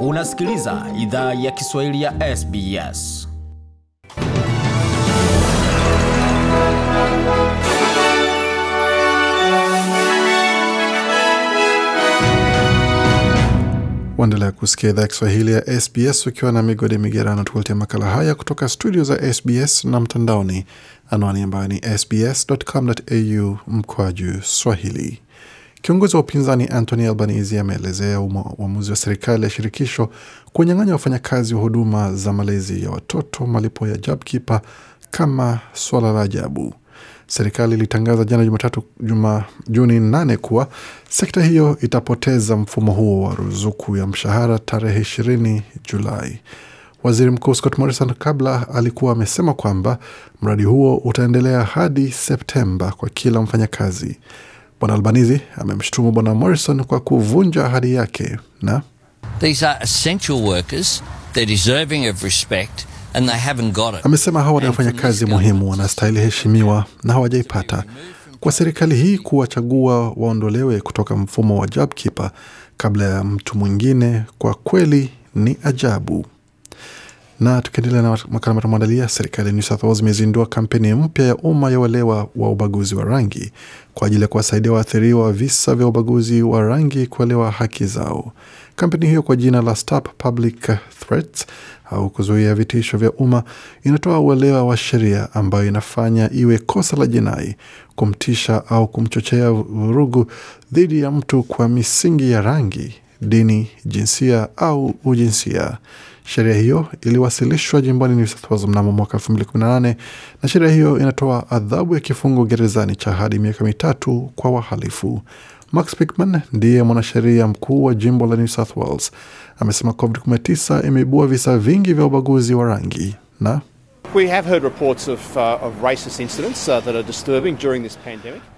Unasikiliza idhaa ya Kiswahili ya SBS. Waendelea kusikia idhaa ya Kiswahili ya SBS ukiwa na migode migerano, tukuletea makala haya kutoka studio za SBS na mtandaoni, anwani ambayo ni sbs.com.au mkoa juu swahili Kiongozi wa upinzani Anthony Albanese ameelezea uamuzi wa serikali ya shirikisho kuwanyang'anya wafanyakazi wa huduma za malezi ya watoto malipo ya JobKeeper kama swala la ajabu. Serikali ilitangaza jana Jumatatu juma, Juni nane kuwa sekta hiyo itapoteza mfumo huo wa ruzuku ya mshahara tarehe ishirini Julai. Waziri Mkuu Scott Morrison kabla alikuwa amesema kwamba mradi huo utaendelea hadi Septemba kwa kila mfanyakazi. Bwana Albanizi amemshutumu Bwana Morrison kwa kuvunja ahadi yake na amesema hawa ni wafanyakazi muhimu, wanastahili heshimiwa na hawajaipata. Kwa serikali hii kuwachagua waondolewe kutoka mfumo wa JobKeeper kabla ya mtu mwingine, kwa kweli ni ajabu. Na tukiendelea na makala matumeandalia, serikali ya New South Wales imezindua kampeni mpya ya umma ya uelewa wa ubaguzi wa rangi kwa ajili ya kuwasaidia waathiriwa wa visa vya ubaguzi wa rangi kuelewa haki zao. Kampeni hiyo kwa jina la Stop Public Threats au kuzuia vitisho vya umma inatoa uelewa wa sheria ambayo inafanya iwe kosa la jinai kumtisha au kumchochea vurugu dhidi ya mtu kwa misingi ya rangi, dini, jinsia au ujinsia. Sheria hiyo iliwasilishwa jimboni New South Wales mnamo mwaka 2018 na sheria hiyo inatoa adhabu ya kifungo gerezani cha hadi miaka mitatu kwa wahalifu. Max Pickman ndiye mwanasheria mkuu wa jimbo la New South Wales amesema COVID-19 imeibua visa vingi vya ubaguzi wa rangi na Uh, uh,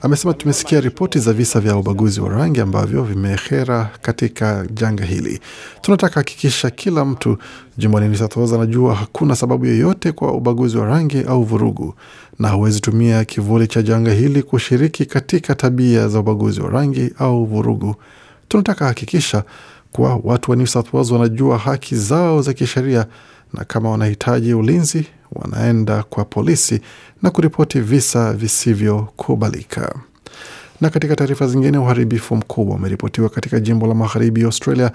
Amesema tumesikia ripoti za visa vya ubaguzi wa rangi ambavyo vimehera katika janga hili. Tunataka hakikisha kila mtu jimboni Lesotho anajua hakuna sababu yoyote kwa ubaguzi wa rangi au vurugu, na huwezi tumia kivuli cha janga hili kushiriki katika tabia za ubaguzi wa rangi au vurugu. Tunataka hakikisha kuwa watu wa New South Wales wanajua haki zao za kisheria na kama wanahitaji ulinzi wanaenda kwa polisi na kuripoti visa visivyokubalika. Na katika taarifa zingine, uharibifu mkubwa umeripotiwa katika jimbo la magharibi Australia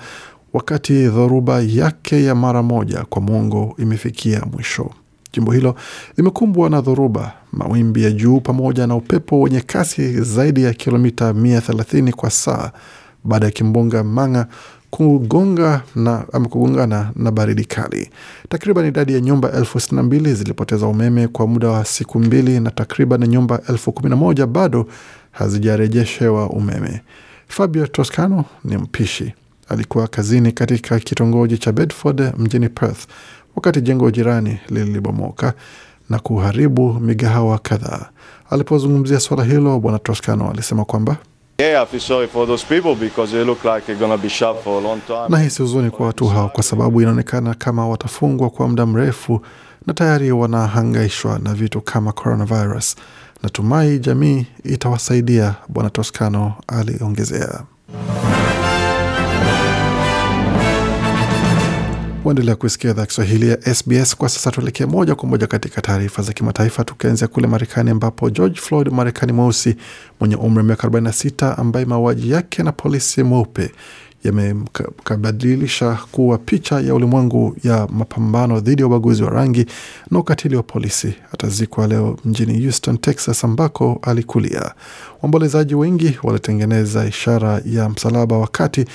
wakati dhoruba yake ya mara moja kwa mwongo imefikia mwisho. Jimbo hilo limekumbwa na dhoruba, mawimbi ya juu pamoja na upepo wenye kasi zaidi ya kilomita 130 kwa saa baada ya kimbunga Manga kugonga na, ama kugongana na baridi kali. Takriban idadi ya nyumba elfu sitini na mbili zilipoteza umeme kwa muda wa siku mbili na takriban nyumba elfu kumi na moja bado hazijarejeshewa umeme. Fabio Toscano ni mpishi, alikuwa kazini katika kitongoji cha Bedford mjini Perth wakati jengo jirani lilibomoka na kuharibu migahawa kadhaa. Alipozungumzia suala hilo, Bwana Toscano alisema kwamba Nahisi huzuni kwa watu hao kwa sababu inaonekana kama watafungwa kwa muda mrefu na tayari wanahangaishwa na vitu kama coronavirus. Natumai jamii itawasaidia, Bwana Toscano aliongezea. waendelea kuisikia idhaa Kiswahili ya SBS. Kwa sasa tuelekee moja kwa moja katika taarifa za kimataifa, tukianzia kule Marekani ambapo George Floyd, Marekani mweusi mwenye umri wa miaka 46, ambaye mauaji yake na polisi mweupe yamekabadilisha kuwa picha ya ulimwengu ya mapambano dhidi ya ubaguzi wa rangi na ukatili wa polisi. Atazikwa leo mjini Houston, Texas, ambako alikulia. Waombolezaji wengi walitengeneza ishara ya msalaba wakati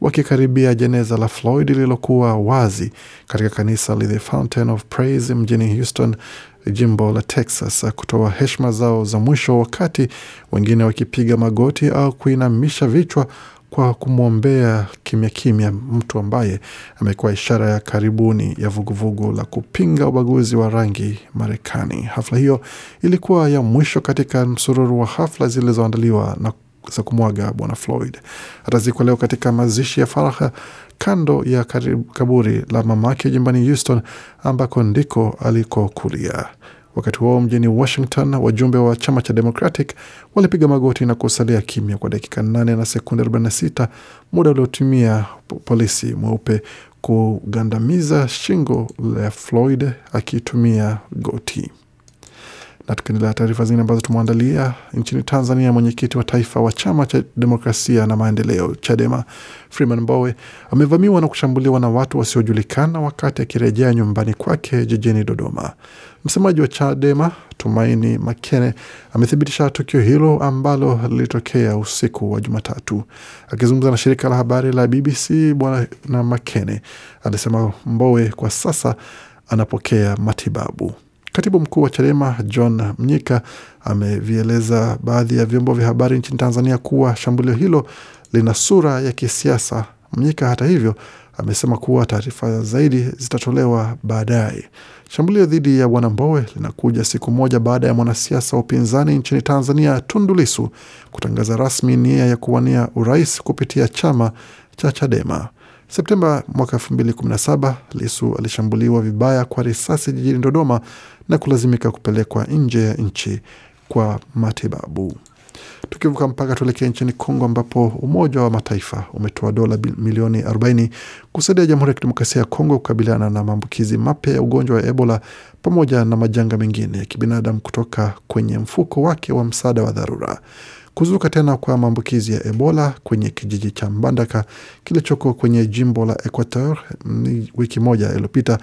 wakikaribia jeneza la Floyd lililokuwa wazi katika kanisa la The Fountain of Praise mjini Houston, jimbo la Texas, kutoa heshima zao za mwisho, wakati wengine wakipiga magoti au kuinamisha vichwa kwa kumwombea kimya kimya mtu ambaye amekuwa ishara ya karibuni ya vuguvugu vugu la kupinga ubaguzi wa rangi Marekani. Hafla hiyo ilikuwa ya mwisho katika msururu wa hafla zilizoandaliwa na za kumwaga Bwana Floyd. Atazikwa leo katika mazishi ya faraha kando ya kaburi la mamake jumbani Houston, ambako ndiko alikokulia. Wakati huo mjini Washington, wajumbe wa chama cha Democratic walipiga magoti na kusalia kimya kwa dakika 8 na sekunde 46, muda uliotumia polisi mweupe kugandamiza shingo la Floyd akitumia goti. Na tukiendelea taarifa zingine ambazo tumeandalia, nchini Tanzania, mwenyekiti wa taifa wa chama cha demokrasia na maendeleo CHADEMA Freeman bowe amevamiwa na kushambuliwa na watu wasiojulikana wakati akirejea nyumbani kwake jijini Dodoma. Msemaji wa CHADEMA Tumaini Makene amethibitisha tukio hilo ambalo lilitokea usiku wa Jumatatu. Akizungumza na shirika la habari la BBC, Bwana Makene alisema Mbowe kwa sasa anapokea matibabu. Katibu mkuu wa Chadema John Mnyika amevieleza baadhi ya vyombo vya habari nchini Tanzania kuwa shambulio hilo lina sura ya kisiasa. Mnyika hata hivyo amesema kuwa taarifa zaidi zitatolewa baadaye. Shambulio dhidi ya Bwana Mbowe linakuja siku moja baada ya mwanasiasa wa upinzani nchini Tanzania Tundu Lissu kutangaza rasmi nia ya kuwania urais kupitia chama cha Chadema. Septemba mwaka saba Lisu alishambuliwa vibaya kwa risasi jijini Dodoma na kulazimika kupelekwa nje ya nchi kwa matibabu. Tukivuka mpaka tuelekee nchini Kongo ambapo Umoja wa Mataifa umetoa dola milioni 40 kusaidia Jamhuri ya Kidemokrasia ya Kongo kukabiliana na maambukizi mapya ya ugonjwa wa Ebola pamoja na majanga mengine ya kibinadamu kutoka kwenye mfuko wake wa msaada wa dharura kuzuka tena kwa maambukizi ya Ebola kwenye kijiji cha Mbandaka kilichoko kwenye jimbo la ni wiki moja iliyopita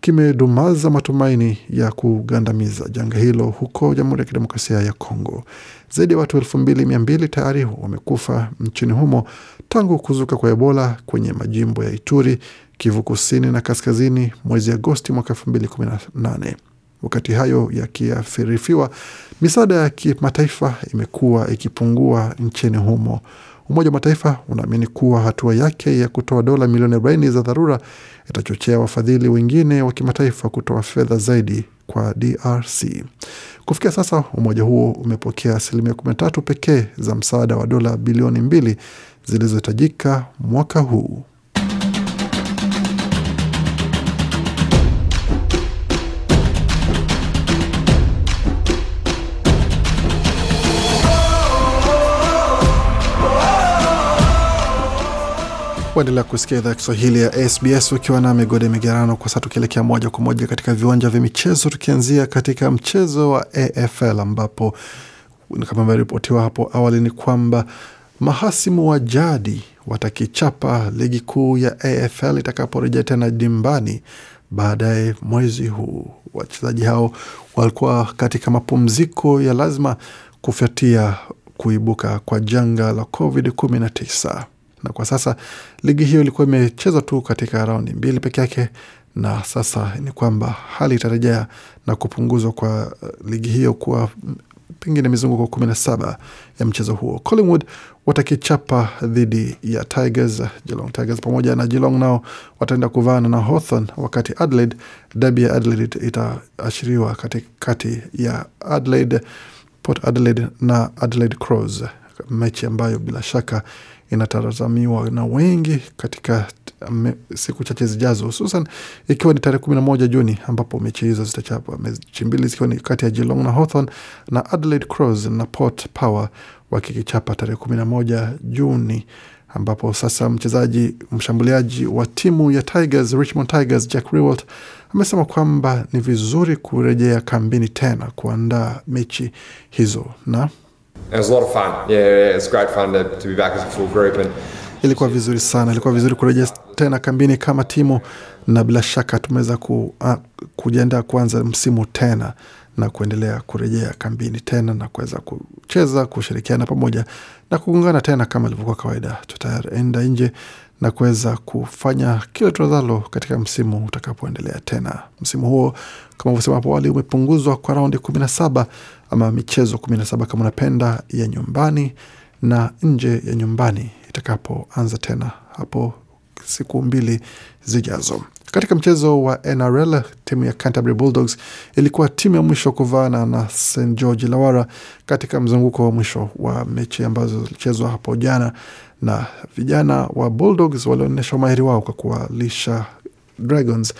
kimedumaza matumaini ya kugandamiza janga hilo huko Jamhuri ya Kidemokrasia ya Kongo. Zaidi ya watu elfu mbili mia mbili tayari wamekufa nchini humo tangu kuzuka kwa Ebola kwenye majimbo ya Ituri, Kivu Kusini na Kaskazini mwezi Agosti mwaka elfu mbili kumi na nane. Wakati hayo yakiafirifiwa, misaada ya kimataifa imekuwa ikipungua nchini humo. Umoja wa Mataifa unaamini kuwa hatua yake ya kutoa dola milioni 40 za dharura itachochea wafadhili wengine wa kimataifa kutoa fedha zaidi kwa DRC. Kufikia sasa, umoja huo umepokea asilimia 13 pekee za msaada wa dola bilioni mbili zilizohitajika mwaka huu. kuendelea kusikia idhaa ya Kiswahili ya SBS ukiwa na migode migerano. Kwa sasa tukielekea moja kwa moja katika viwanja vya michezo, tukianzia katika mchezo wa AFL ambapo kama imeripotiwa hapo awali ni kwamba mahasimu wa jadi watakichapa ligi kuu ya AFL itakaporejea tena dimbani baadaye mwezi huu. Wachezaji hao walikuwa katika mapumziko ya lazima kufuatia kuibuka kwa janga la COVID 19 na kwa sasa ligi hiyo ilikuwa imechezwa tu katika raundi mbili peke yake, na sasa ni kwamba hali itarejea na kupunguzwa kwa eh, ligi hiyo kuwa mm, pengine mizunguko kumi na saba ya mchezo huo. Collingwood watakichapa dhidi ya Tigers. Geelong Tigers pamoja na Geelong nao wataenda kuvaana na Hawthorn, wakati Adelaide, derby ya Adelaide itaashiriwa katikati ya Adelaide, Port Adelaide na Adelaide Crows, mechi ambayo bila shaka inatazamiwa na wengi katika siku chache zijazo, hususan ikiwa ni tarehe 11 Juni ambapo mechi hizo zitachapa, mechi mbili zikiwa ni kati ya Geelong na Hawthorn na Adelaide Crows na Port Power wakikichapa tarehe 11 Juni ambapo sasa mchezaji mshambuliaji wa timu ya Tigers, Richmond Tigers, Jack Riewoldt amesema kwamba ni vizuri kurejea kambini tena kuandaa mechi hizo na It was a lot of fun. Yeah, it's great fun to, to be back as a full group and ilikuwa vizuri sana, ilikuwa vizuri kurejea tena kambini kama timu, na bila shaka tumeweza ku, ah, kujiandaa kuanza msimu tena na kuendelea kurejea kambini tena na kuweza kucheza, kushirikiana pamoja na kuungana tena kama ilivyokuwa kawaida. Tutaenda nje na kuweza kufanya kile tunazalo katika msimu utakapoendelea tena. Msimu huo kama ulivyosema hapo awali umepunguzwa kwa raundi kumi na saba ama michezo kumi na saba kama unapenda ya nyumbani na nje ya nyumbani itakapoanza tena hapo siku mbili zijazo. Katika mchezo wa NRL timu ya Canterbury Bulldogs ilikuwa timu ya mwisho kuvaana na St George Illawarra katika mzunguko wa mwisho wa mechi ambazo zilichezwa hapo jana, na vijana wa Bulldogs walionyesha umahiri wao kwa kuwalisha Dragons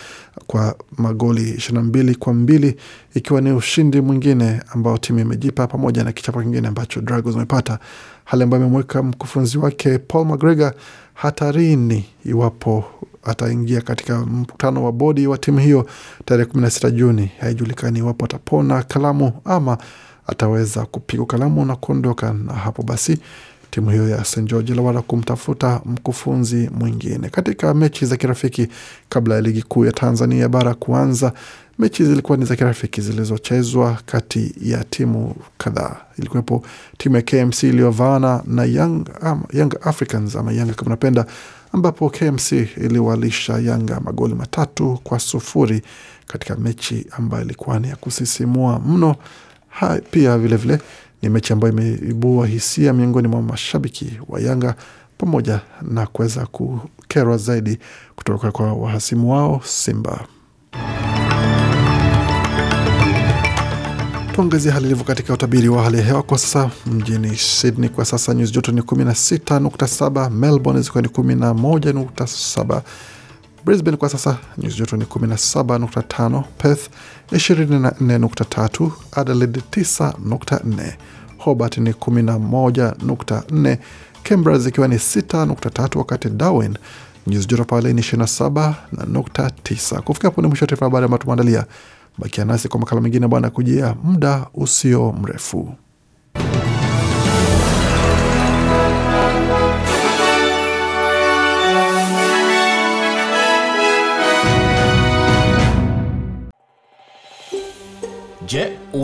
kwa magoli 22 kwa mbili ikiwa ni ushindi mwingine ambao timu imejipa pamoja na kichapo kingine ambacho Dragons wamepata, hali ambayo imemweka mkufunzi wake Paul McGregor hatarini iwapo ataingia katika mkutano wa bodi wa timu hiyo tarehe 16 Juni. Haijulikani iwapo atapona kalamu ama ataweza kupigwa kalamu na kuondoka, na hapo basi timu hiyo ya St George lawala kumtafuta mkufunzi mwingine. Katika mechi za kirafiki kabla ya ligi kuu ya Tanzania bara kuanza, mechi zilikuwa ni za kirafiki zilizochezwa kati ya timu kadhaa. Ilikuwepo timu ya KMC iliyovaana na Young, um, Young Africans ama Yanga kama napenda, ambapo KMC iliwalisha Yanga magoli matatu kwa sufuri katika mechi ambayo ilikuwa ni ya kusisimua mno. Ha, pia vilevile vile, ni mechi ambayo imeibua hisia miongoni mwa mashabiki wa Yanga pamoja na kuweza kukerwa zaidi kutoka kwa wahasimu wao Simba. Tuangazie hali ilivyo katika utabiri wa hali ya hewa kwa sasa. Mjini Sydney kwa sasa nyuzi joto ni 16.7, Melbourne zikiwa ni 11.7 Brisbane kwa sasa nyuzi joto ni 17.5, Perth 24.3, Adelaide 9.4, Hobart ni 11.4, Canberra zikiwa ni 6.3, wakati Darwin nyuzi joto pale ni 27.9. Kufikia hapo ni mwisho wa taarifa habari ambayo tumeandalia. Bakia nasi kwa makala mengine bwana kujia muda usio mrefu.